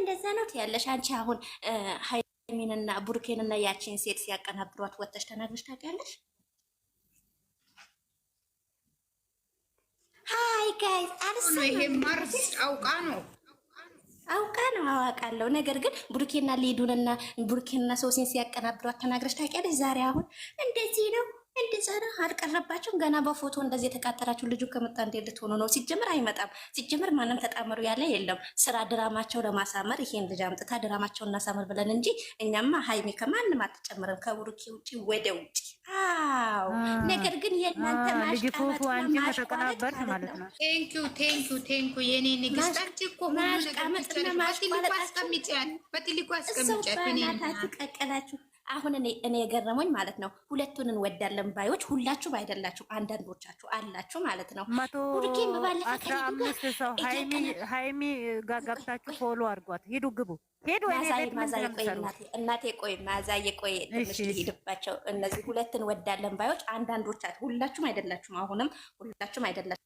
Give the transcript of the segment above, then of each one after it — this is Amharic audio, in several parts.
እንደዛ ነው ያለሽ አንቺ አሁን ሀይሚንና ቡርኬንና ያቺን ሴት ሲያቀናብሯት ወተሽ ተናግረሽ ታውቂያለሽ? ሀይ ጋይዝ አርሰ ይሄ ማርስ አውቃ ነው አውቃ ነው አዋቃለሁ። ነገር ግን ቡርኬና ሊዱንና ቡርኬና ሶሲን ሲያቀናብሯት ተናግረሽ ታውቂያለሽ? ዛሬ አሁን እንደዚህ ነው እንድዘራ አልቀረባቸውም። ገና በፎቶ እንደዚህ የተቃጠላችሁ ልጁ ከመጣ እንዴት ልትሆኑ ነው? ሲጀምር አይመጣም። ሲጀምር ማንም ተጣመሩ ያለ የለም። ስራ ድራማቸው ለማሳመር ይሄን ልጅ አምጥታ ድራማቸውን እናሳምር ብለን እንጂ እኛማ ሀይሚ ከማንም አትጨምርም ከቡሩኪ ውጭ ወደ ውጭ። አዎ ነገር ግን የእናንተ ማሽቃመጥ ማለት ነው። ቴንኪው ቴንኪው ቴንኪው የኔ ንግስት አሁን እኔ የገረመኝ ማለት ነው ሁለቱን እንወዳለን ባዮች ሁላችሁ አይደላችሁ፣ አንዳንዶቻችሁ አላችሁ ማለት ነው። ቡርኬን በባለፈ አምስት ሰው ሀይሚ ጋር ገብታችሁ ፎሎ አድርጓት ሂዱ፣ ግቡ፣ ሄዱ። እናቴ ቆይ ማዛየ ቆይ ትንሽ ሄድባቸው። እነዚህ ሁለት እንወዳለን ባዮች አንዳንዶቻችሁ፣ ሁላችሁም አይደላችሁም፣ አሁንም ሁላችሁም አይደላችሁ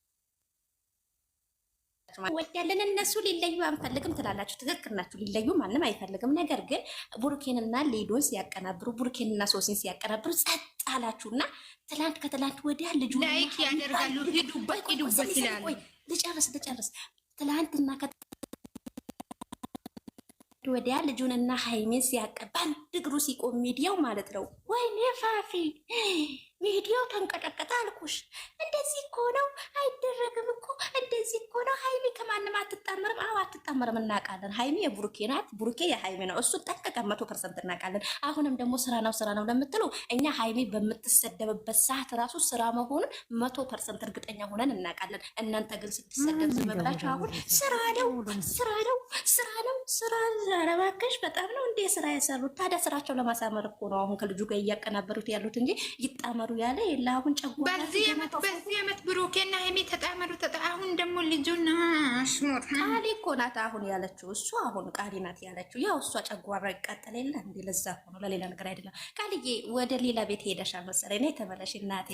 ትላላችሁ ማለት ወዳለን እነሱ ሊለዩ አንፈልግም ትላላችሁ። ትክክል ናችሁ። ሊለዩ ማንም አይፈልግም። ነገር ግን ቡርኬንና ሌዶን ሲያቀናብሩ፣ ቡርኬንና ሶሲን ሲያቀናብሩ ጸጥ አላችሁና ትላንት ከትላንት ወዲያ ልጁ ላይክ ያደርጋሉ። ሂዱበት ሂዱበት ይላሉ። ልጨርስ ልጨርስ ትላንትና ወዲያ ልጁንና ሀይሜን ሲያቀ በአንድ እግሩ ሲቆም ሚዲያው ማለት ነው። ወይኔ ፋፊ ሚዲያው ተንቀጠቀጠ አልኩሽ። እንደዚህ እኮ ነው አይደረግም 配 ማንም አትጣመርም። አዎ አትጣመርም፣ እናውቃለን። ሀይሚ የቡሩኬ ናት፣ ቡሩኬ የሀይሚ ነው። እሱ ጠቀቀ መቶ ፐርሰንት እናውቃለን። አሁንም ደግሞ ስራ ነው ስራ ነው ለምትለው እኛ ሀይሚ በምትሰደብበት ሰዓት ራሱ ስራ መሆኑን መቶ ፐርሰንት እርግጠኛ ሆነን እናውቃለን። እናንተ ግን ስትሰደብ ዝም ብላችሁ አሁን ስራ ነው ስራ ነው ስራ ነው ስራ ረባከሽ በጣም ነው እንዴ ስራ የሰሩት ታዲያ ስራቸው ለማሳመር እኮ ነው አሁን ከልጁ ጋር እያቀናበሩት ያሉት እንጂ ይጣመሩ ያለ የለ አሁን ጨጓራ በዚህ ዓመት ብሩኬና ሀይሚ ተጣመሩ። አሁን ደግሞ ልጁና ቃሌ እኮ ናት አሁን ያለችው እሱ አሁን ቃሌ ናት ያለችው ያው እሷ ጨጓራ ይቃጠል የለ እንዲ ለዛ ሆኖ ለሌላ ነገር አይደለም። ቃልዬ ወደ ሌላ ቤት ሄደሻል መሰለኝ እኔ ተመለሽ እናቴ።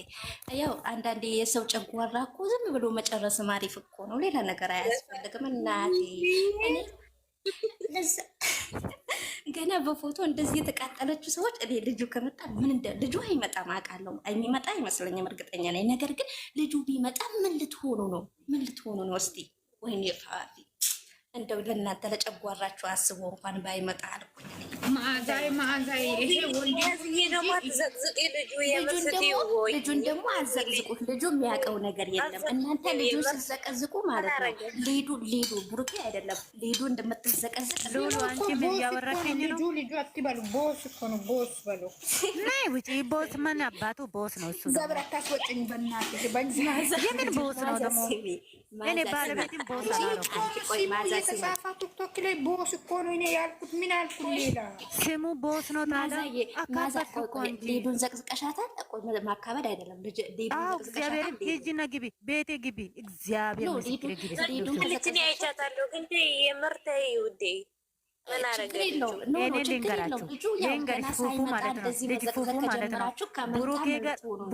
ያው አንዳንዴ የሰው ጨጓራ እኮ ዝም ብሎ መጨረስ ማሪፍ እኮ ነው። ሌላ ነገር አያስፈልግም እናቴ። ገና በፎቶ እንደዚህ የተቃጠለችው ሰዎች እኔ ልጁ ከመጣ ምን እንደ ልጁ አይመጣም አውቃለሁ፣ የሚመጣ አይመስለኝም፣ እርግጠኛ ነኝ። ነገር ግን ልጁ ቢመጣ ምን ልትሆኑ ነው? ምን ልትሆኑ ነው? እስቲ ወይኔ ፋፊ እንደው ለእናንተ ለጨጓራችሁ አስቦ እንኳን ባይመጣ አልኩኝ። ማዛይ ማዛይ ይሄ ደግሞ አትዘቅዝቅ ልጁ የምስቲ ወይ ልጁን ደግሞ አትዘቅዝቁት። ልጁ የሚያውቀው ነገር የለም። እናንተ ልጁ ስትዘቀዝቁ ማለት ነው። ሊዱ ሊዱ ብሩኬ አይደለም ሊዱ እንደምትዘቀዝቅ ሉሉ አንቺ ምን ያወራከኝ ነው? ልጁ ልጁ አትበሉ። ቦስ እኮ ነው። ቦስ በሉ ናይ ውጪ ቦስ ማን አባቱ ቦስ ነው እሱ። ዘብራ ታስወጭኝ በእናትህ በእግዚአብሔር የምን ቦስ ነው ደግሞ እኔ ባለቤቴን ቦስ ቲክቶክ ላይ ቦስ እኮ ነው እኔ ያልኩት። ምን አልኩት? ሌላ ስሙ ቦስ ነው። ታዲያ ሊዱን ዘቅዝቀሻታል። ማካበድ አይደለም። እግዚአብሔር ሂጂና ግቢ፣ ቤቴ ግቢ። እግዚአብሔር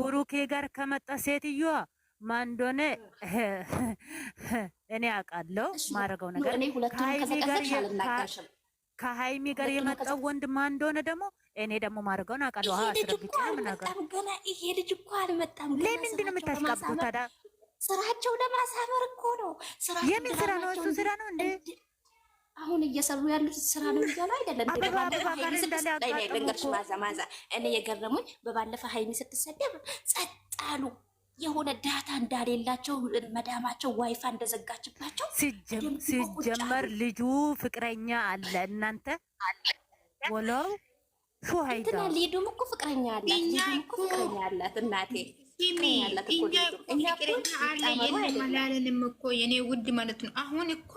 ብሩኬ ጋር ከመጣ ሴትዮዋ ማን እንደሆነ እኔ አውቃለሁ። ማድረገው ነገር ከሀይሚ ጋር የመጣው ወንድ ማን እንደሆነ ደግሞ እኔ ደግሞ ማድረገውን አውቃለሁ። አስረግጬ ነገር ገና ይሄ ልጅ እኮ አልመጣም። ለምንድን ነው የምታስቀብጡ ታዲያ? ስራቸው ለማሳመር እኮ ነው። የምን ስራ ነው? እሱ ስራ ነው እንዴ? አሁን እየሰሩ ያሉት ስራ ነው እያሉ አይደለም። ማዛ እኔ የገረሙኝ በባለፈ ሀይሚ ስትሰደብ ጸጥ አሉ። የሆነ ዳታ እንዳሌላቸው መዳማቸው ዋይፋ እንደዘጋችባቸው። ሲጀመር ልጁ ፍቅረኛ አለ እናንተ ወለው ሹሃይዳ ሊዱም እኮ ፍቅረኛ አላት፣ ፍቅረኛ አላት እናቴ አላለንም እኮ የኔ ውድ ማለት ነው። አሁን እኮ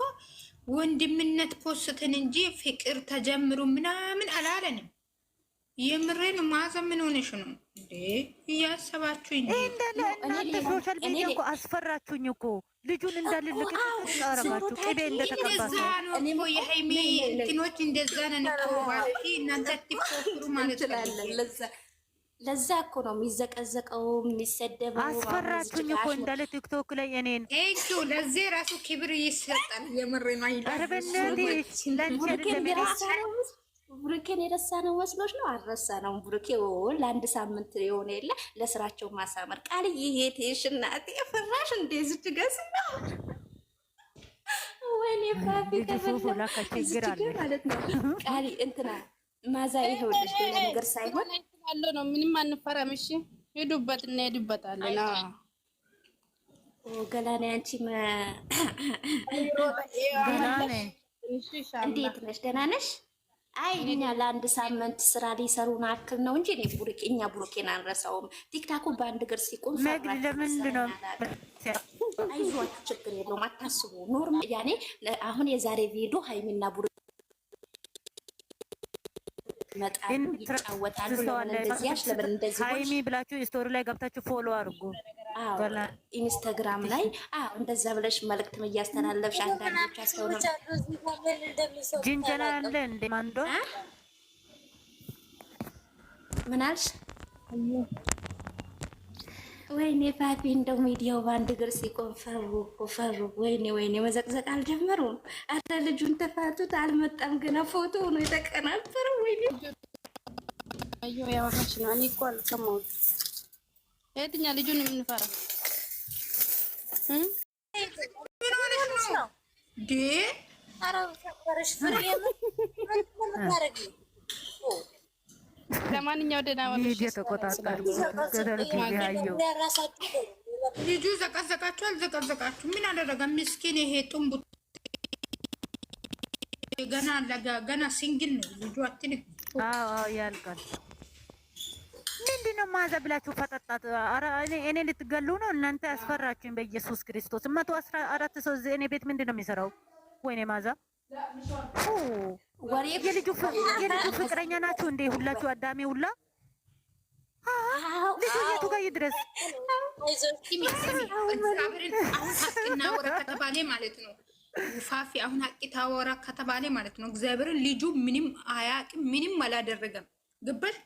ወንድምነት ፖስትን እንጂ ፍቅር ተጀምሩ ምናምን አላለንም። የምሬን ማዘ ምን ሆነሽ ነው እንዴ? እያሰባችሁኝ እናንተ ሶሻል ሚዲያ እኮ አስፈራችሁኝ እኮ ልጁን እንዳልልቅ አረጋችሁ። ቅቤ እንደተቀባእኔሞ የሀይሜ እንትኖች እንደዛ ነን ባቲ እናንተ ትፎክሩ ማለት ለዛ እኮ ነው የሚዘቀዘቀው የሚሰደበው። አስፈራችሁኝ እኮ እንዳለ ቲክቶክ ላይ እኔን እሱ ለዚህ ራሱ ክብር ይሰጣል። የምሬ ነው አይደለም ብሩኬን የረሳ ነው መስሎች ነው? አልረሳ ነው ብሩኬ። ለአንድ ሳምንት የሆነ የለ ለስራቸው ማሳመር ቃል ይሄት ሽናት ፍራሽ እንደዝች ገስ ነው ወይኔ ማለት ነው። ቃል እንትና ማዛ ይኸውልሽ፣ ሌላ ነገር ሳይሆን ያለው ነው። ምንም አንፈራም። እሺ ሄዱበት እና ሄዱበታለን ገላኔ አንቺ እንዴት ነሽ? ደህና ነሽ? አይ እኛ ለአንድ ሳምንት ስራ ሊሰሩ ናክል ነው እንጂ እኔ ቡሩኬ እኛ ቡሩኬን አንረሳውም። ቲክታኩ በአንድ እግር ሲቆም ለምንድነው? አይዟችሁ፣ ችግር የለውም አታስቡ። ኖርማ ያኔ አሁን የዛሬ ቪዲዮ ሀይሚና ቡር ይመጣሉ፣ ይጫወታሉ። ለምን እንደዚህ ለምን እንደዚህ ሀይሚ ብላችሁ ስቶሪ ላይ ገብታችሁ ፎሎ አድርጉ። ኢንስታግራም ላይ እንደዛ ብለሽ መልእክት እያስተላለፍሽ አንዳንዶች ጅንጀና አለ እንደ ማንዶ ምን አልሽ? ወይኔ ፓፒ እንደው ሚዲያው በአንድ እግር ሲቆም ፈሩ ፈሩ። ወይኔ ወይኔ መዘቅዘቅ አልጀመሩም። አረ ልጁን ተፋቱት። አልመጣም ገና ፎቶ ሆኖ የተቀናበረው። ወይኔ ያወራች ነው። እኔ እኮ አልሰማሁትም የትኛ ልጁን የምንፈራው ለማንኛው ደህና ዋልሽ። ልጁ ዘቀዘቃችሁ አልዘቀዘቃችሁ ምን አደረገ? ምስኪን ይሄ ጡንቡ ገና ገና ሲንግል ነው ልጁ አትልም። አዎ ያልቃል። ምንድን ነው ማዘ ብላችሁ ፈጠጣት? እኔ ልትገሉ ነው እናንተ ያስፈራችሁኝ። በኢየሱስ ክርስቶስ መቶ አስራ አራት ሰው እኔ ቤት ምንድን ነው የሚሰራው? ወይኔ ማዛ የልጁ ፍቅረኛ ናችሁ እንዴ ሁላችሁ? አዳሜ ሁላ ልጁ የቱ ጋር ይድረስ? ሀቅና ወራ ከተባለ ማለት ነው ፋፊ አሁን ሀቅ ታወራ ከተባለ ማለት ነው እግዚአብሔርን ልጁ ምንም አያውቅም፣ ምንም አላደረገም። ግባሽ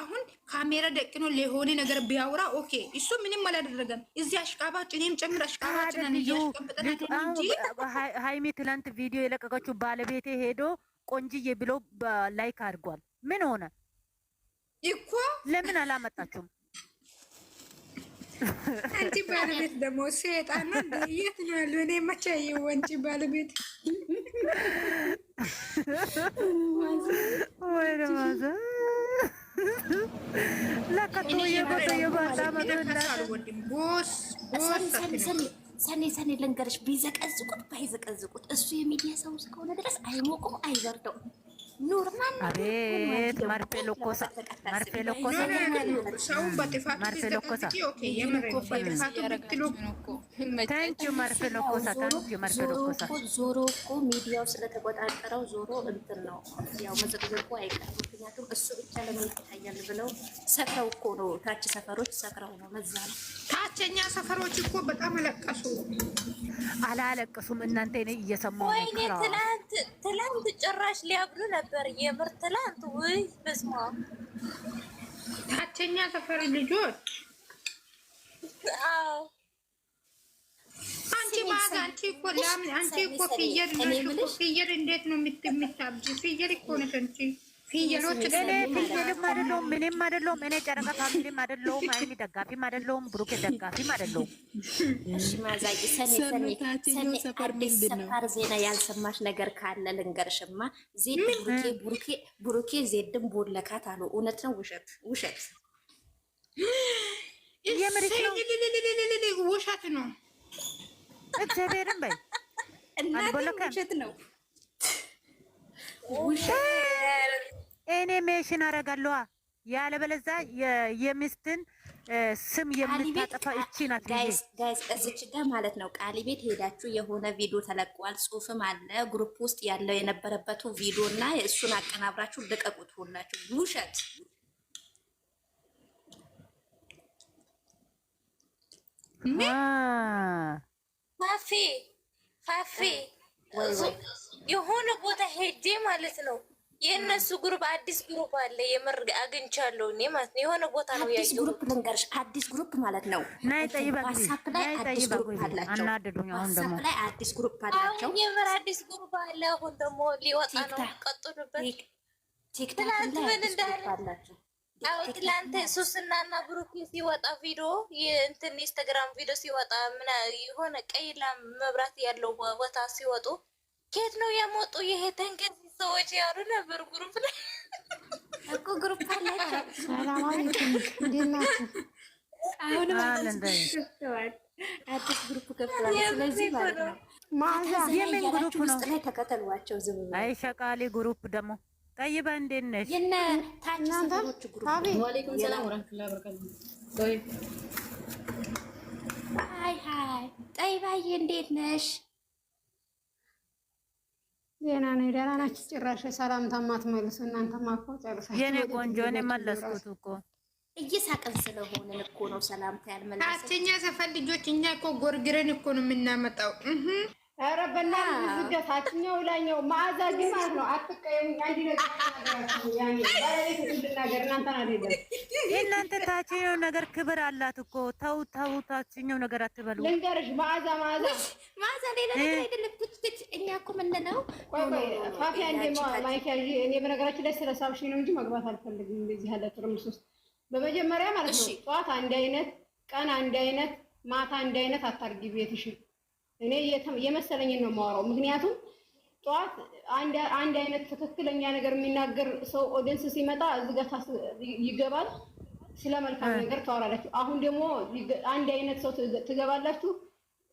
አሁን ካሜራ ደቅኖ ለሆነ ነገር ቢያውራ ኦኬ፣ እሱ ምንም አላደረገም። እዚህ አሽቃባጭ እኔም ጭምር አሽቃባጭነን እያሽቀብጠናል እንጂ ሀይሚ ትላንት ቪዲዮ የለቀቀችው ባለቤቴ ሄዶ ቆንጅዬ ብሎ ላይክ አድርጓል። ምን ሆነ እኮ ለምን አላመጣችሁም? አንቺ ባለቤት ደግሞ ሴጣና የት ነው ያለው? እኔ መቼ አንቺ ባለቤት ወይ ሰኔ ሰኔ ልንገርሽ፣ ቢዘቀዝቁት ባይዘቀዝቁት እሱ የሚዲያ ሰው እስከሆነ ድረስ አይሞቁም፣ አይዘርደውም። አቤት መርፌ ለኮሳ መርፌ ለኮሳ ሰውን በጥፋቱ ተንኪው ዞሮ እኮ ሚዲያው ስለተቆጣጠረው ዞሮ እንትን ነው ያው መዘግዘቁ አይቀርም። ምክንያቱም እሱ ብቻ ለምን ይታያል ብለው ሰክረው እኮ ነው ታች ሰፈሮች ሰክረው ነው መዛ ነው ታችኛ ሰፈሮች እኮ በጣም አለቀሱ። አላለቀሱም እናንተ እኔ እየሰማሁ ነው። ትላንት ጭራሽ ሊያብሉ ነበር የምር ትላንት። ውይ በስመ አብ ታቸኛ ሰፈር ልጆች። አንቺ ማዛ አንቺ እኮ ለምን አንቺ እኮ ፍየል ነሽ። ፍየል እንዴት ነው የምታብጂ? ፍየል እኮ ነሽ አንቺ ፍየሎች እኔ ፍየልም አይደለሁም ምንም አይደለሁም። እኔ ጨረቃ ፋሚሊም አይደለሁም። አይሚ ደጋፊም አይደለሁም። ብሩኬ ደጋፊም አይደለሁም። አዲስ ሰፋር ዜና ያልሰማሽ ነገር ካለ ልንገርሽማ። ዜድ ብሩኬ ዜድም ቦለካት አሉ። እውነት ነው ውሸት? ውሸት ውሸት ነው። እግዚአብሔርን በይ እናት ውሸት ነው ውሸት እኔ ሜሽን አደርጋለሁ። ያለበለዛ የሚስትን ስም የምታጠፋ እቺ ናት። ጋይስ ጋይስ፣ እዚች ጋር ማለት ነው ቃሊ ቤት ሄዳችሁ የሆነ ቪዲዮ ተለቋል፣ ጽሁፍም አለ ግሩፕ ውስጥ ያለው የነበረበት ቪዲዮ እና እሱን አቀናብራችሁ ልቀቁት። ሁላችሁ ውሸት ፋፌ ፋፌ የሆነ ቦታ ሄጄ ማለት ነው የእነሱ ግሩፕ አዲስ ግሩፕ አለ። የምር አግኝቻለሁ እኔ ማለት ነው። የሆነ ቦታ ነው አዲስ ግሩፕ ልንገርሽ፣ አዲስ ግሩፕ ማለት ነው። ናይ ጠይባ ዋትሳፕ ላይ አዲስ ግሩፕ አላቸው። አናደዱኝ። አሁን ደግሞ ላይ አዲስ ግሩፕ አላቸው። የምር አዲስ ግሩፕ አለ። አሁን ደግሞ ሊወጣ ነው። ቀጥሉበት። ትላንት ምን እንዳለ አዎ ትላንት ሱስና እና ብሩክ ሲወጣ ቪዲዮ የእንትን ኢንስታግራም ቪዲዮ ሲወጣ ምን የሆነ ቀይላ መብራት ያለው ቦታ ሲወጡ ኬት ነው ያመጡ ይሄ ተንገዝ ሰዎች ያሉ ነበር ግሩፕ ላይ እኮ ግሩፕ አላቸው። ሰላም አለይኩም አሁን አዲስ ግሩፕ ከፍተዋል። ስለዚህ ማለት ነው ማዛ የምን ግሩፕ ነው? ውስጥ ላይ ተከተሏቸው። ዝም ብሎ አይ ሸቃሌ ግሩፕ ደግሞ ጠይባ እንዴት ነሽ? የነ ታች ሰዎች ግሩፕ ወአለይኩም ሰላም ወራህመቱላሂ ወበረካቱሁ። አይ አይ ጠይባዬ እንዴት ነሽ? ዜና ነው። ደህና ናችሁ? ጭራሽ ሰላምታማ አትመልሱ። እናንተማ እኮ ጨርሳችሁ የኔ ቆንጆ ነው መለስኩት እኮ እየሳቅን ስለሆነ እኮ ነው ሰላምታ ያልመለሰ ታችኛ ሰፈር ልጆች እኛ እኮ ጎርግረን እኮ ነው የምናመጣው። ኧረ በእናትህ ዝገት ታችኛው ላይኛው መዓዛ ግን ማለት ነው። አትቀየሙኝ። አንድ ነገር ታችኛው ነገር ክብር አላት እኮ ተው ተው፣ ታችኛው ነገር አትበሉ። ልንገርሽ መዓዛ መዓዛ መዓዛ ሌላ ነገር አይደለም። እኛ እኮ እኔ በነገራችን ላይ ነው እንጂ መግባት አልፈልግም እንደዚህ ያለ ትርምስ ውስጥ በመጀመሪያ ማለት ነው ጠዋት አንድ አይነት ቀን አንድ አይነት ማታ አንድ አይነት አታርጊ ቤትሽን እኔ የመሰለኝን ነው የማወራው። ምክንያቱም ጠዋት አንድ አይነት ትክክለኛ ነገር የሚናገር ሰው ኦዲንስ ሲመጣ እዚህ ጋታ ይገባል፣ ስለ መልካም ነገር ታወራላችሁ። አሁን ደግሞ አንድ አይነት ሰው ትገባላችሁ፣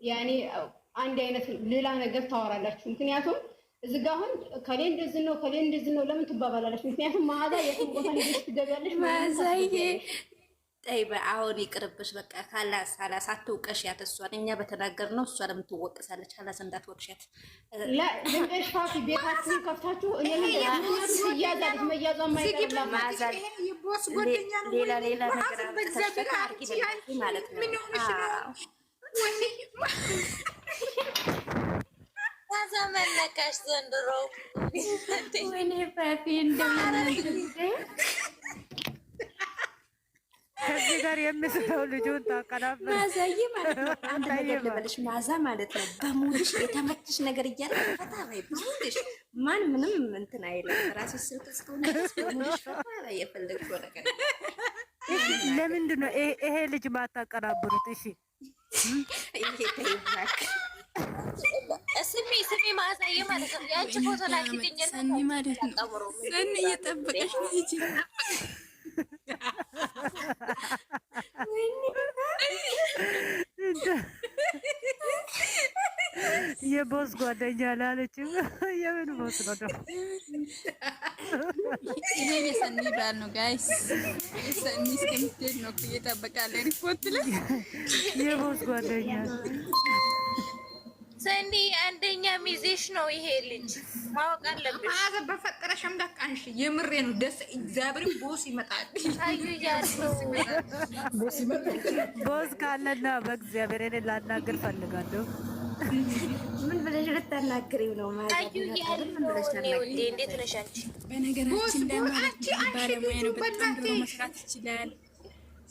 ያኔ አንድ አይነት ሌላ ነገር ታወራላችሁ። ምክንያቱም እዚህ ጋ አሁን ከሌ እንደዚህ ነው ከሌ እንደዚህ ነው ለምን ትባባላለች? ምክንያቱም ማዛ የትም ቦታ ትገቢያለች ጠይበ አሁን ይቅርብሽ። በቃ ካላስ ካላስ አትውቀሽ ያት እሷን እኛ በተናገር ነው እሷ ለምን ትወቅሳለች? ካላስ እንዳትወቅሻት። ለእሽፋፊ ከፍታችሁ እያዛለች መያዟ ማይቀርላማዛልቦስ ጓደኛ ነው ሌላ ሌላ ነገር ማለት ነው። ከዛ መለካሽ ዘንድሮ ወይኔ ፋፊ እንደምን ከዚህ ጋር የምስለው ልጁን ታቀናበ ማዛይ ማለት ነው። አንድ ነገር ልበልሽ፣ ማዛ ማለት ነው በሙድሽ የተመችሽ ነገር እያለ ፈታ በይ ማን ምንም እንትን አይለም። ራሱ ስልክ እስከሆነ በሙድሽ ፈታ የፈለግሽው ነገር። ለምንድን ነው ይሄ ልጅ ማታቀናብሩት? እሺ ይሄ ተይዛክ ስሚ ስሚ ማዛዬ ማለት ነው። የአንቺ ፎቶ ላይ ላኪልኝ ማለት ነው። ሰኒ እየጠበቀሽ ነው። የቦስ ጓደኛ ላለችም የምን ቦስ ነው ደግሞ ይሄ የሰኒ ባል ነው። ጋይስ የሰኒ እስከምትሄድ ነው እየጠበቃለ ሪፖርት ላይ የቦስ ጓደኛ ሰኒ አንደኛ ሚዜሽ ነው ይሄ ልጅ ማወቅ አለብሽ። ማዘ በፈጠረሽ አምላካንሽ የምሬ ነው። ደስ እግዚአብሔር ቦስ ይመጣል። ቦስ ካለና በእግዚአብሔር እኔ ላናግር ፈልጋለሁ። ምን ብለሽ ልታናግሪው ነው ማለት ነው? እንዴት ነሽ አንቺ? በነገራችን ላይ ማለት ባለሙያ ነው። በጣም ድሮ መስራት ይችላል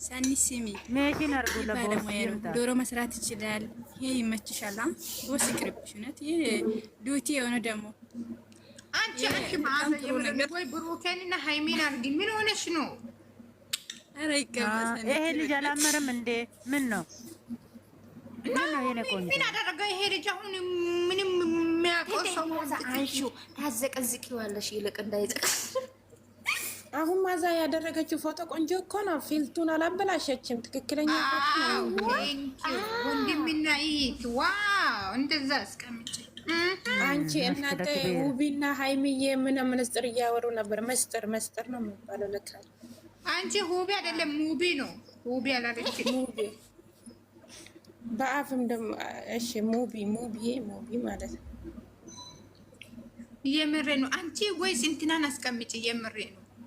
ሰኒ ስሚ፣ ባለሙያ ነው። ዶሮ መስራት ይችላል። ይሄ ይመችሻል። ወስ ይቅርብሽ። እውነት ይሄ ዱቲ የሆነ ደግሞ አንቺ እሺ፣ ማለት ብሩኬንና ሃይሜን አድርጊ። ምን ሆነሽ ነው? ኧረ ይገባል። ይሄ ልጅ አላመረም እንዴ? ምን ነው ምን አደረገ ይሄ ልጅ? አሁን ምንም የሚያውቀው ሰው ታዘቀዝቂዋለሽ። ይልቅ እንዳይዘቀዝቅ አሁን ማዛ ያደረገችው ፎቶ ቆንጆ እኮ ነው። ፊልቱን አላበላሸችም። ትክክለኛ ወንድምና ይት ዋው፣ እንደዛ አስቀምጭ። አንቺ እናንተ ውቢና ሀይሚዬ ምን ምንስጥር እያወሩ ነበር? መስጥር መስጥር ነው የሚባለው ለካ። አንቺ ሁቢ አይደለም ሙቢ ነው። ውቢ አላለች ውቢ በአፍም ደሞ እሺ፣ ሙቢ ሙቢ ሙቢ ማለት ነው። የምሬ ነው። አንቺ ወይስ እንትናን አስቀምጭ። የምሬ ነው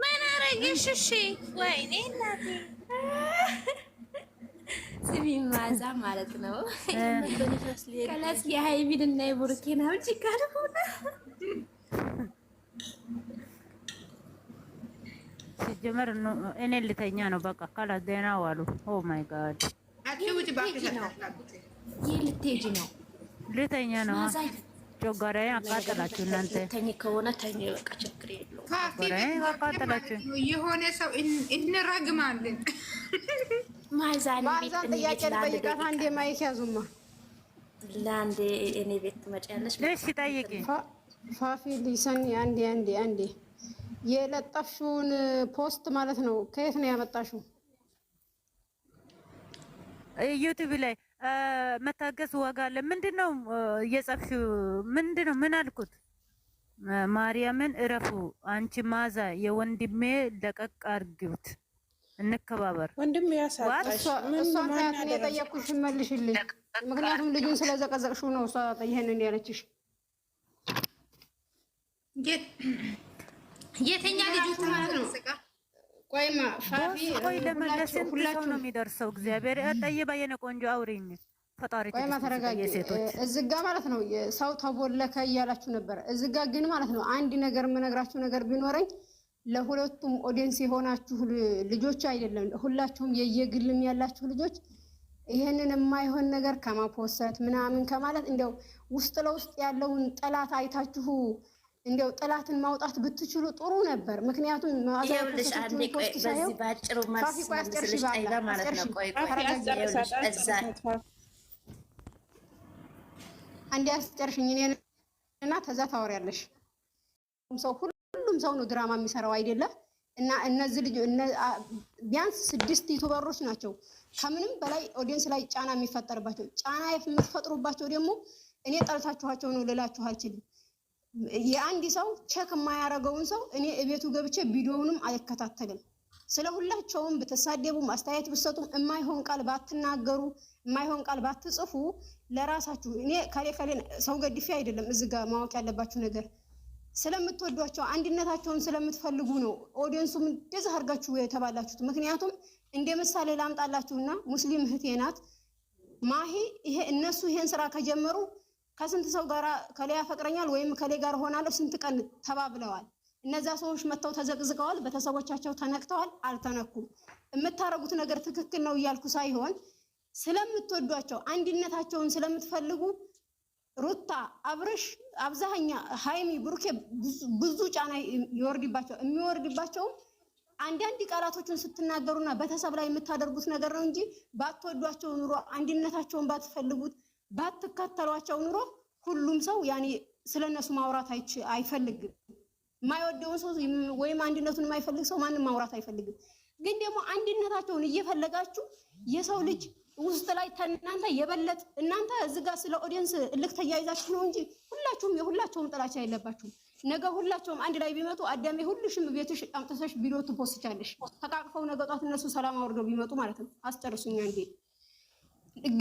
ምን አረገሽ? እሺ ወይኔ እናቴ ማለት ነው። ከላስ የሀይሚን እና የቡርኬን አውጪ ካልሆነ ሲጀመር እኔ ልተኛ ነው። በቃ ካላት ደህና ዋሉ። ኦ ማይ ጋድ ይህ ልትሄጂ ነው። ልተኛ ነው። ጋራ አቃጠላችሁ። እናንተ ተኝ ከሆነ ተኝ፣ በቃ ችግር የለውም። አቃጠላችሁ። የሆነ ሰው እንረግማለን። ማዛን አንዴ። ማይክ ያዙማ ለአንዴ እኔ ቤት ትመጪያለሽ? እሺ ጠይቂ። ፋፊ ሊሰኒ አንዴ አንዴ አንዴ የለጠፍሽውን ፖስት ማለት ነው ከየት ነው ያመጣሽው? ዩቲዩብ ላይ መታገስ ዋጋ አለ። ምንድን ነው እየጸፍሽው? ምንድን ነው ምን አልኩት? ማርያምን እረፉ። አንቺ ማዛ የወንድሜ ደቀቅ አርጊውት፣ እንከባበር። ወንድም ያሳጣሽ ምን መልሽልኝ። ምክንያቱም ልጁን ስለዘቀዘቅሹ ነው እሷ ይሄንን ያለችሽ። የትኛ ልጁ ማለት ነው ቆይ ለመለስ ሁሉ ሰው ነው የሚደርሰው። እግዚአብሔር ጠይባ የኔ ቆንጆ አውሪኝ። ፈጣሪ ቆይማ ማለት ነው ሰው ተቦለከ እያላችሁ ነበረ። እዚህ ጋ ግን ማለት ነው አንድ ነገር የምነግራችሁ ነገር ቢኖረኝ ለሁለቱም ኦዲየንስ የሆናችሁ ልጆች አይደለም ሁላችሁም የየግልም ያላችሁ ልጆች ይህንን የማይሆን ነገር ከማፖሰት ምናምን ከማለት እንደው ውስጥ ለውስጥ ያለውን ጠላት አይታችሁ እንዲያው ጥላትን ማውጣት ብትችሉ ጥሩ ነበር። ምክንያቱም ይኸውልሽ አንዴ ቆይ፣ በዚህ በአጭሩ አስጨርሽኝ እና ከዛ ታወሪያለሽ። ሰው ሁሉም ሰው ነው ድራማ የሚሰራው አይደለም። እና እነዚህ ልጅ ቢያንስ ስድስት ዩቱበሮች ናቸው። ከምንም በላይ ኦዲየንስ ላይ ጫና የሚፈጠርባቸው ጫና የምትፈጥሩባቸው ደግሞ እኔ ጠልታችኋቸው ነው ልላችሁ አልችልም። የአንድ ሰው ቼክ የማያደርገውን ሰው እኔ እቤቱ ገብቼ ቪዲዮውንም አይከታተልም። ስለ ሁላቸውም ብትሳደቡ ማስተያየት ብትሰጡም የማይሆን ቃል ባትናገሩ የማይሆን ቃል ባትጽፉ ለራሳችሁ እኔ ከሌ ከሌ ሰው ገድፌ አይደለም። እዚህ ጋር ማወቅ ያለባችሁ ነገር ስለምትወዷቸው አንድነታቸውን ስለምትፈልጉ ነው። ኦዲየንሱም እንደዚህ አድርጋችሁ የተባላችሁት። ምክንያቱም እንደ ምሳሌ ላምጣላችሁና ሙስሊም እህቴ ናት ማሂ። ይሄ እነሱ ይሄን ስራ ከጀመሩ ከስንት ሰው ጋር ከሌ ያፈቅረኛል ወይም ከሌ ጋር ሆናለሁ ስንት ቀን ተባብለዋል። እነዛ ሰዎች መጥተው ተዘቅዝቀዋል፣ ቤተሰቦቻቸው ተነክተዋል። አልተነኩም። የምታረጉት ነገር ትክክል ነው እያልኩ ሳይሆን ስለምትወዷቸው አንድነታቸውን ስለምትፈልጉ ሩታ፣ አብርሽ፣ አብዛኛ ሀይሚ፣ ብሩኬ ብዙ ጫና ይወርድባቸው የሚወርድባቸውም አንዳንድ ቃላቶችን ስትናገሩና ቤተሰብ ላይ የምታደርጉት ነገር ነው እንጂ ባትወዷቸው ኑሮ አንድነታቸውን ባትፈልጉት ባትከተሏቸው ኑሮ ሁሉም ሰው ያኔ ስለነሱ ማውራት አይፈልግም። የማይወደውን ሰው ወይም አንድነቱን የማይፈልግ ሰው ማንም ማውራት አይፈልግም። ግን ደግሞ አንድነታቸውን እየፈለጋችሁ የሰው ልጅ ውስጥ ላይ እናንተ የበለጥ እናንተ እዚህ ጋር ስለ ኦዲየንስ እልክ ተያይዛችሁ ነው እንጂ ሁላችሁም የሁላቸውም ጥላቻ የለባችሁም። ነገ ሁላቸውም አንድ ላይ ቢመጡ አዳሜ ሁልሽም ቤትሽ አምጥተሽ ቢሎ ትፖስቻለሽ። ተቃቅፈው ነገ ጧት እነሱ ሰላም አውርደው ቢመጡ ማለት ነው። አስጨርሱኛ እንዴ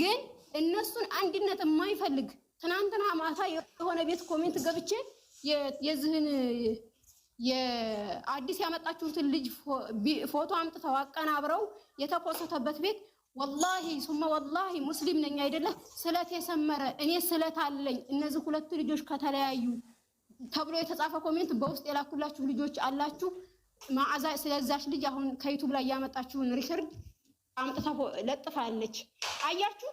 ግን እነሱን አንድነት የማይፈልግ ትናንትና ማታ የሆነ ቤት ኮሜንት ገብቼ የዚህን የአዲስ ያመጣችሁትን ልጅ ፎቶ አምጥተው አቀናብረው የተኮሰተበት ቤት ወላሂ ሱመ ወላሂ ሙስሊም ነኝ አይደለ ስለት የሰመረ እኔ ስለት አለኝ እነዚህ ሁለቱ ልጆች ከተለያዩ ተብሎ የተጻፈ ኮሜንት በውስጥ የላኩላችሁ ልጆች አላችሁ። ማዕዛ ስለዛች ልጅ አሁን ከዩቱብ ላይ ያመጣችሁን ሪከርድ አምጥታ ለጥፋለች። አያችሁ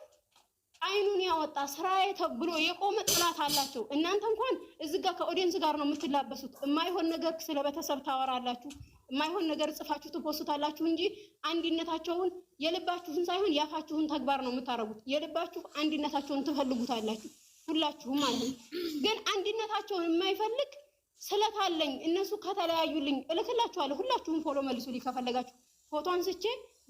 አይኑን ያወጣ ስራዬ ብሎ የቆመ ጥላት አላቸው። እናንተ እንኳን እዚህ ጋር ከኦዲየንስ ጋር ነው የምትላበሱት። የማይሆን ነገር ስለ ቤተሰብ ታወራላችሁ፣ የማይሆን ነገር ጽፋችሁ ትፖስታላችሁ እንጂ አንድነታቸውን የልባችሁን ሳይሆን ያፋችሁን ተግባር ነው የምታደርጉት። የልባችሁ አንድነታቸውን ትፈልጉታላችሁ ሁላችሁም ማለት ነው። ግን አንድነታቸውን የማይፈልግ ስለታለኝ እነሱ ከተለያዩልኝ እልክላችኋለሁ። ሁላችሁም ፎሎ መልሱ ሊከፈለጋችሁ ፎቶ አንስቼ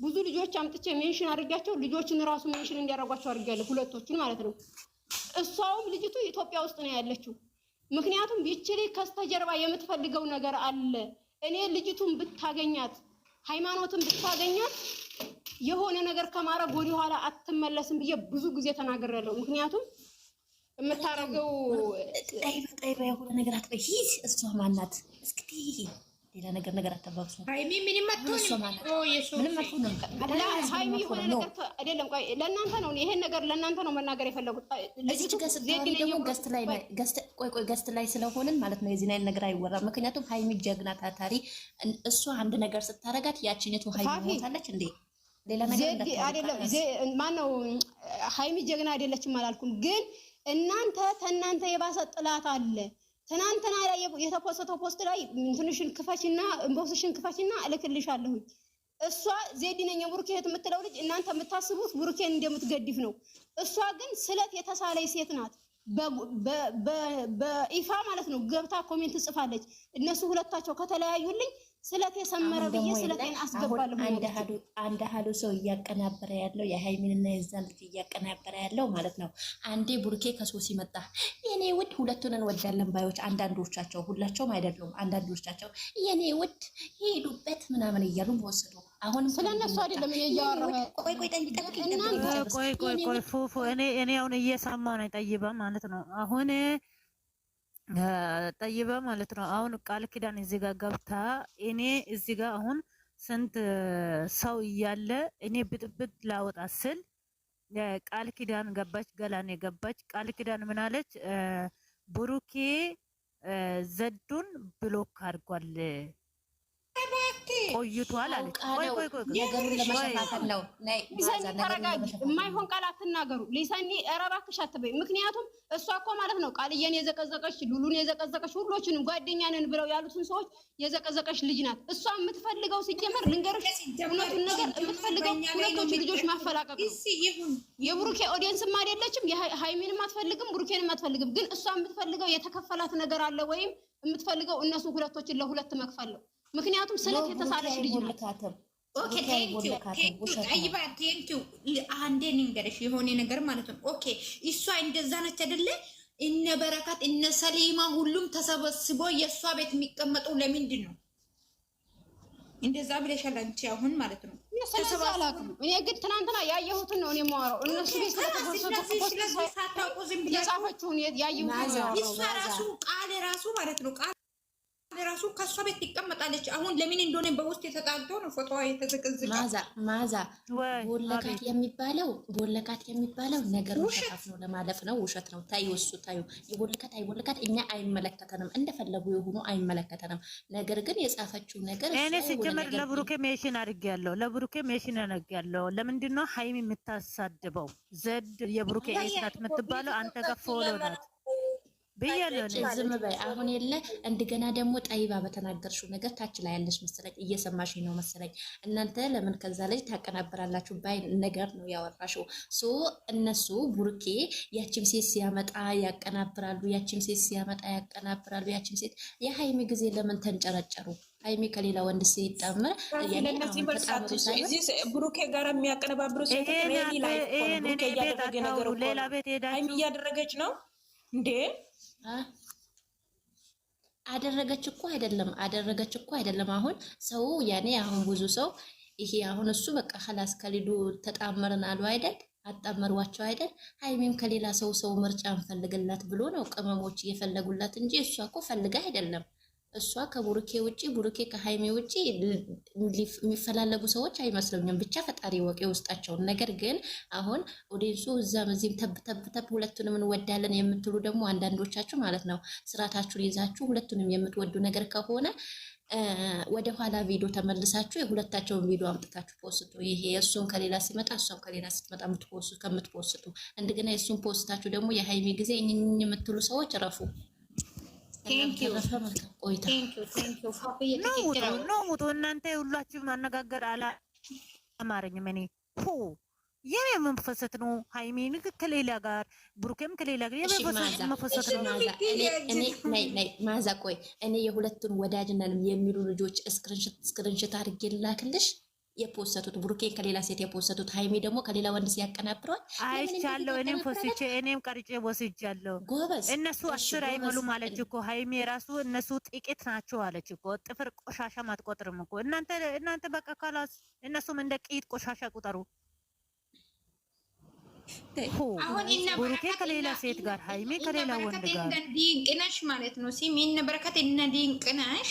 ብዙ ልጆች አምጥቼ ሜንሽን አድርጋቸው ልጆችን ራሱ ሜንሽን እንዲያደርጓቸው አድርጋለሁ፣ ሁለቶቹን ማለት ነው። እሷውም ልጅቱ ኢትዮጵያ ውስጥ ነው ያለችው። ምክንያቱም ቢችሌ ከስተጀርባ የምትፈልገው ነገር አለ። እኔ ልጅቱን ብታገኛት ሃይማኖትን ብታገኛት የሆነ ነገር ከማድረግ ወደኋላ አትመለስም ብዬ ብዙ ጊዜ ተናግሬያለሁ። ምክንያቱም የምታረገው ጠይበ የሆነ ነገር አትበይ። እሷ ማናት እስክቲ ሌላ ነገር ነገር አታባብስ። ሃይሚ ምንም አትሆንም። ለእናንተ ነው ይሄን ነገር ለእናንተ ነው መናገር የፈለጉት። እዚህ ገስት ላይ ስለሆንን ማለት ነው የዚህ ነገር አይወራም። ምክንያቱም ሃይሚ ጀግና ታታሪ፣ እሷ አንድ ነገር ስታረጋት ያችኝቱ ሃይሚ ሞታለች እንዴ ሌላ ነገር ማነው ሃይሚ ጀግና አይደለችም አላልኩም፣ ግን እናንተ ከእናንተ የባሰ ጥላት አለ ትናንትና ላይ ፖስት ላይ እንትንሽን ክፈችና እንቦስሽን ክፈችና እልክልሻለሁ። እሷ ዜድ ነኝ የቡሩኬ እህት የምትለው ልጅ እናንተ የምታስቡት ቡርኬን እንደምትገድፍ ነው። እሷ ግን ስለት የተሳለች ሴት ናት። በኢፋ ማለት ነው ገብታ ኮሜንት ጽፋለች። እነሱ ሁለታቸው ከተለያዩልኝ ስለት የሰመረ ብዬ ስለቴን አስገባለሁ። አንድ አህሉ ሰው እያቀናበረ ያለው የሃይሚንና የዛን ልጅ እያቀናበረ ያለው ማለት ነው። አንዴ ቡርኬ ከሶሲ መጣ የኔ ውድ፣ ሁለቱን እንወዳለን ባዮች አንዳንዶቻቸው፣ ሁላቸውም አይደሉም፣ አንዳንዶቻቸው የኔ ውድ ሄዱበት ምናምን እያሉ ወሰዱ። አሁን ስለነሱ አይደለም እኔ እያወራሁ ቆይ ቆይ ቆይ ቆይ ፉፉ እኔ እኔ አሁን እየሰማሁ ነው። ጠይበ ማለት ነው አሁን ጠይበ ማለት ነው። አሁን ቃል ኪዳን እዚህ ጋር ገብታ እኔ እዚህ ጋር አሁን ስንት ሰው እያለ እኔ ብጥብጥ ላወጣ ስል ቃል ኪዳን ገባች፣ ገላኔ ገባች። ቃል ኪዳን ምናለች? ብሩኬ ዘዱን ብሎክ አድርጓል ቆይቷል አለች። ነገሩን ለመሸፋፈን ነው። የማይሆን ቃል አትናገሩ። ሊሰኒ እባክሽ አትበይ። ምክንያቱም እሷ እኮ ማለት ነው ቃልየን የዘቀዘቀች ሉሉን የዘቀዘቀች ሁሎችንም ጓደኛንን ብለው ያሉትን ሰዎች የዘቀዘቀች ልጅ ናት። እሷ የምትፈልገው ሲጀመር ልንገርሽ እውነቱን ነገር የምትፈልገው ሁለቶቹ ልጆች ማፈላቀቅ ነው። የብሩኬ ኦዲየንስም አይደለችም፣ ሃይሚንም አትፈልግም፣ ብሩኬንም አትፈልግም። ግን እሷ የምትፈልገው የተከፈላት ነገር አለ ወይም የምትፈልገው እነሱ ሁለቶችን ለሁለት መክፈል ነው። ምክንያቱም ስለት የተሳለች ልጅ ነው። ኦኬ ቴንኪው። አንዴ ንገረሽ የሆነ ነገር ማለት ነው። ኦኬ እሷ እንደዛ ነች አይደለ? እነ በረከት እነ ሰሊማ ሁሉም ተሰበስቦ የእሷ ቤት የሚቀመጠው ለምንድን ነው? እንደዛ ብለሻል አንቺ አሁን ማለት ነው። እኔ ግን ትናንትና ያየሁትን ነው እኔ የማወራው። እነሱ ቤት ሳታውቁ ዝም ብላ የጻፈችውን ያየሁትን እሷ ራሱ ቃል ራሱ ማለት ነው ቃል ራሱ ከእሷ ቤት ትቀመጣለች። አሁን ለምን እንደሆነ በውስጥ የተጣልቶ ነው ፎቶ የተዘቀዝቀ ማዛ ማዛ ቦለካት የሚባለው ቦለካት የሚባለው ነገር ውሸት ነው ለማለፍ ነው። ውሸት ነው። ታይ ወሱ ታዩ የቦለካት አይቦለካት እኛ አይመለከተንም፣ እንደፈለጉ የሆኑ አይመለከተንም። ነገር ግን የጻፈችው ነገር እኔ ሲጀመር ለብሩኬ ሜሽን ያለው ለብሩኬ ሜሽን ያለው ለምንድን ነው ሀይሚ የምታሳድበው? ዘድ የብሩኬ ኤስታት የምትባለው አንተ ጋር ፎሎ ናት ብያለሁ። ዝም በይ አሁን የለ እንደገና ደግሞ ጠይባ በተናገርሽው ነገር ታች ላይ ያለሽ መሰለኝ እየሰማሽ ነው መሰለኝ። እናንተ ለምን ከዛ ላይ ታቀናብራላችሁ ባይ ነገር ነው ያወራሽው። ሶ እነሱ ቡርኬ ያቺም ሴት ሲያመጣ ያቀናብራሉ፣ ያቺም ሴት ሲያመጣ ያቀናብራሉ፣ ያቺም ሴት የሀይሚ ጊዜ ለምን ተንጨረጨሩ? ሀይሚ ከሌላ ወንድ ሲጣመር ብሩኬ ጋር የሚያቀነባብሩ ሌላ ቤት እያደረገች ነው እንዴ? አደረገች እኮ አይደለም፣ አደረገች እኮ አይደለም። አሁን ሰው ያኔ አሁን ብዙ ሰው ይሄ አሁን እሱ በቃ ከላስ ከሊዱ ተጣመርን አሉ አይደል? አጣመሯቸው አይደል? ሀይሚም ከሌላ ሰው ሰው ምርጫ እንፈልግላት ብሎ ነው ቅመሞች እየፈለጉላት እንጂ እሷ እኮ ፈልጋ አይደለም። እሷ ከቡሩኬ ውጭ ቡሩኬ ከሀይሜ ውጭ የሚፈላለጉ ሰዎች አይመስለኝም። ብቻ ፈጣሪ ወቅ ውስጣቸውን። ነገር ግን አሁን ኦዲንሱ እዛም እዚህም ተብተብተብ ሁለቱንም እንወዳለን የምትሉ ደግሞ አንዳንዶቻችሁ ማለት ነው ስርዓታችሁን ይዛችሁ ሁለቱንም የምትወዱ ነገር ከሆነ ወደ ኋላ ቪዲዮ ተመልሳችሁ የሁለታቸውን ቪዲዮ አምጥታችሁ ፖስቱ። ይሄ እሱም ከሌላ ሲመጣ እሷም ከሌላ ስትመጣ ከምትፖስቱ እንደገና የእሱን ፖስታችሁ ደግሞ የሀይሜ ጊዜ የምትሉ ሰዎች ረፉ። ውጡ እናንተ ሁላችሁ ማነጋገር አላ አማረኝም። እኔ የኔ መንፈሰት ነው። ሀይሜን ከሌላ ጋር ብሩኬም ከሌላ ጋር መንፈሰት ነው። ማዛ ቆይ እኔ የሁለቱን ወዳጅ ነን የሚሉ ልጆች እስክሪንሽት አድርጌ ላክልሽ። የፖሰቱት ብሩኬን ከሌላ ሴት የፖሰቱት ሀይሜ ደግሞ ከሌላ ወንድ ሲያቀናብረዋል አይቻለሁ። እኔም ፖስቼ እኔም ቀርጬ ወስጃለሁ። ጎበዝ እነሱ አስር አይሞሉ ማለች እኮ ሀይሜ ራሱ እነሱ ጥቂት ናቸው አለች እኮ። ጥፍር ቆሻሻም አትቆጥርም እኮ እናንተ እናንተ በቃ ካላስ እነሱም እንደ ቅይጥ ቆሻሻ ቁጠሩ። ብሩኬ ከሌላ ሴት ጋር ሀይሜ ከሌላ ወንድ ጋር ዲንቅነሽ ማለት ነው ሲም ይህን በረከት እነ ዲንቅነሽ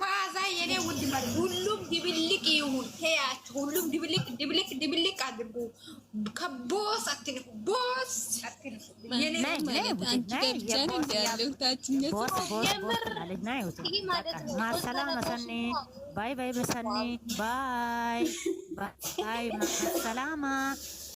መዓዛ የኔ ውድ ማለት ሁሉም ድብልቅ ይሁን። ተያችሁ ሁሉም ድብልቅ ድብልቅ ድብልቅ አድርጉ። ከቦስ አትንኩ፣ ቦስ አትንኩ። ማሰላም መሰኔ ባይ ባይ መሰኔ ባይ ባይ ማሰላማ